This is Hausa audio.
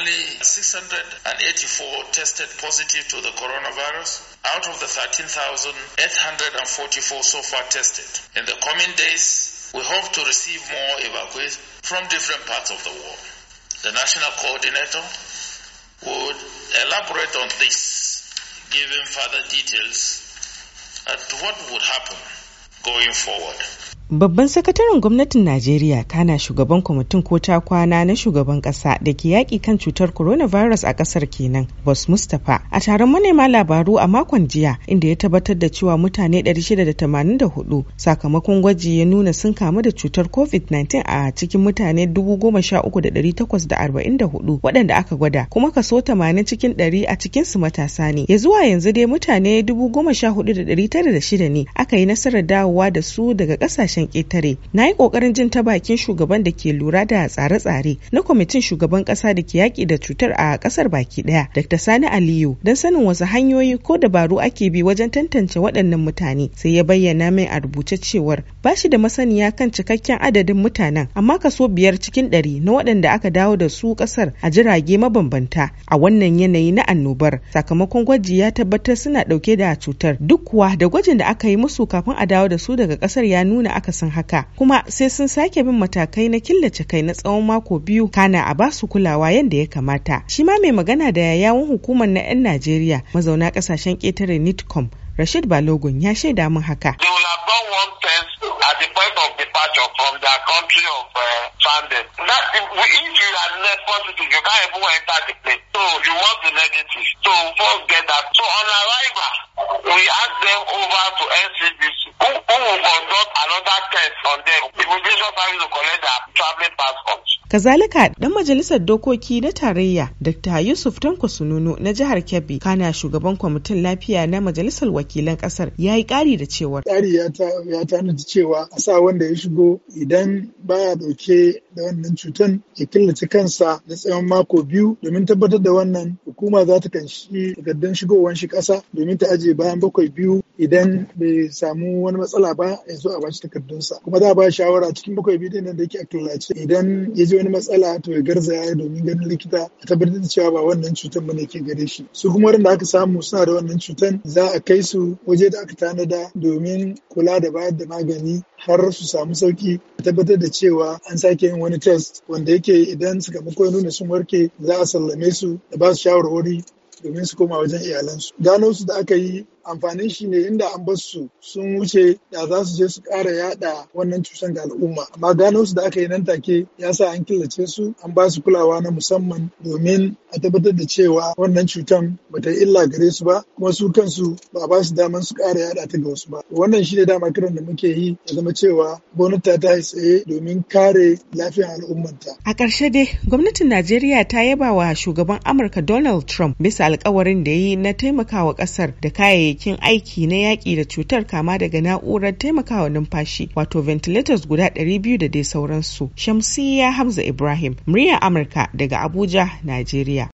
only 684 tested positive to the coronavirus out of the 13,844 so far tested. In the coming days, we hope to receive more evacuees from different parts of the world. The national coordinator would elaborate on this, giving further details at what would happen going forward. Babban sakataren gwamnatin Najeriya kana shugaban kwamitin ko ta kwana na shugaban kasa da ke yaƙi kan cutar coronavirus a ƙasar kenan, Bos Mustapha, a taron manema labaru a makon jiya inda ya tabbatar da cewa mutane 684 sakamakon gwaji ya nuna sun kamu da cutar COVID-19 a cikin mutane 13,844 waɗanda aka gwada kuma kaso 80 cikin 100 a cikin su matasa ne. Ya zuwa yanzu dai mutane 14,906 ne aka yi nasarar dawowa da su daga ƙasashen kasashen ƙetare na yi ƙoƙarin jin ta bakin shugaban da ke lura da tsare-tsare na kwamitin shugaban ƙasa da ke yaƙi da cutar a ƙasar baki ɗaya dr sani aliyu don sanin wasu hanyoyi ko dabaru ake bi wajen tantance waɗannan mutane sai ya bayyana min a rubuce cewar ba shi da masaniya kan cikakken adadin mutanen amma kaso biyar cikin ɗari na waɗanda aka dawo da su ƙasar a jirage mabambanta a wannan yanayi na annobar sakamakon gwaji ya tabbatar suna ɗauke da cutar duk kuwa da gwajin da aka yi musu kafin a dawo da su daga ƙasar ya nuna aka akasin haka kuma sai sun sake bin matakai na killace kai na tsawon mako biyu kana a basu kulawa yadda ya kamata shi ma mai magana da yawun hukumar na 'yan najeriya mazauna kasashen ƙetare nitcom rashid balogun ya shaida min haka So, first get that. So, on arrival, we ask them over to NCD Kazalika dan majalisar dokoki na tarayya Dr. Yusuf Tanko Sununu na jihar Kebbi kana shugaban kwamitin lafiya na majalisar wakilan kasar ya yi ƙari da cewar. tsari ya tanaji cewa a sa wanda ya shigo idan ba ya dauke da wannan cutan ya killace kansa na tsawon mako biyu domin tabbatar da wannan hukuma za ta kanshi takardun shigowar shi kasa domin ta ajiye bayan bakwai biyu idan bai samu wani matsala ba ya zo a bashi takardunsa kuma za a ba shawara cikin bakwai biyu da yake a killace idan ya je wani matsala to ya garzaya domin ganin likita a tabbatar da cewa ba wannan cutar ba ne ke gare shi su kuma wanda aka samu suna da wannan cutar za a kai su waje da aka tanada domin kula da bayar da magani har su samu sauki a tabbatar da cewa an sake yin wani test wanda yake idan sakamako ya nuna sun warke za a sallame su da ba su shawarwari domin su koma wajen iyalansu gano su da aka yi amfanin shi ne inda an bar su sun wuce da za su je su ƙara yada wannan cutar ga al'umma amma gano su da aka yi nan take ya sa an killace su an ba su kulawa na musamman domin a tabbatar da cewa wannan cutar ba ta illa gare su ba kuma su kansu ba ba su daman su ƙara yada ta ga wasu ba wannan shi ne dama kiran da muke yi ya zama cewa gwamnati ta yi tsaye domin kare lafiyar al'ummanta. A ƙarshe dai gwamnatin Najeriya ta yaba wa shugaban Amurka Donald Trump bisa alkawarin da ya yi na taimakawa ƙasar da kayayyaki kayayyakin aiki na yaƙi da cutar kama daga na'urar taimakawa numfashi wato ventilators guda 200 da dai sauransu. Shamsiyya Hamza Ibrahim, murya Amurka daga Abuja, Najeriya.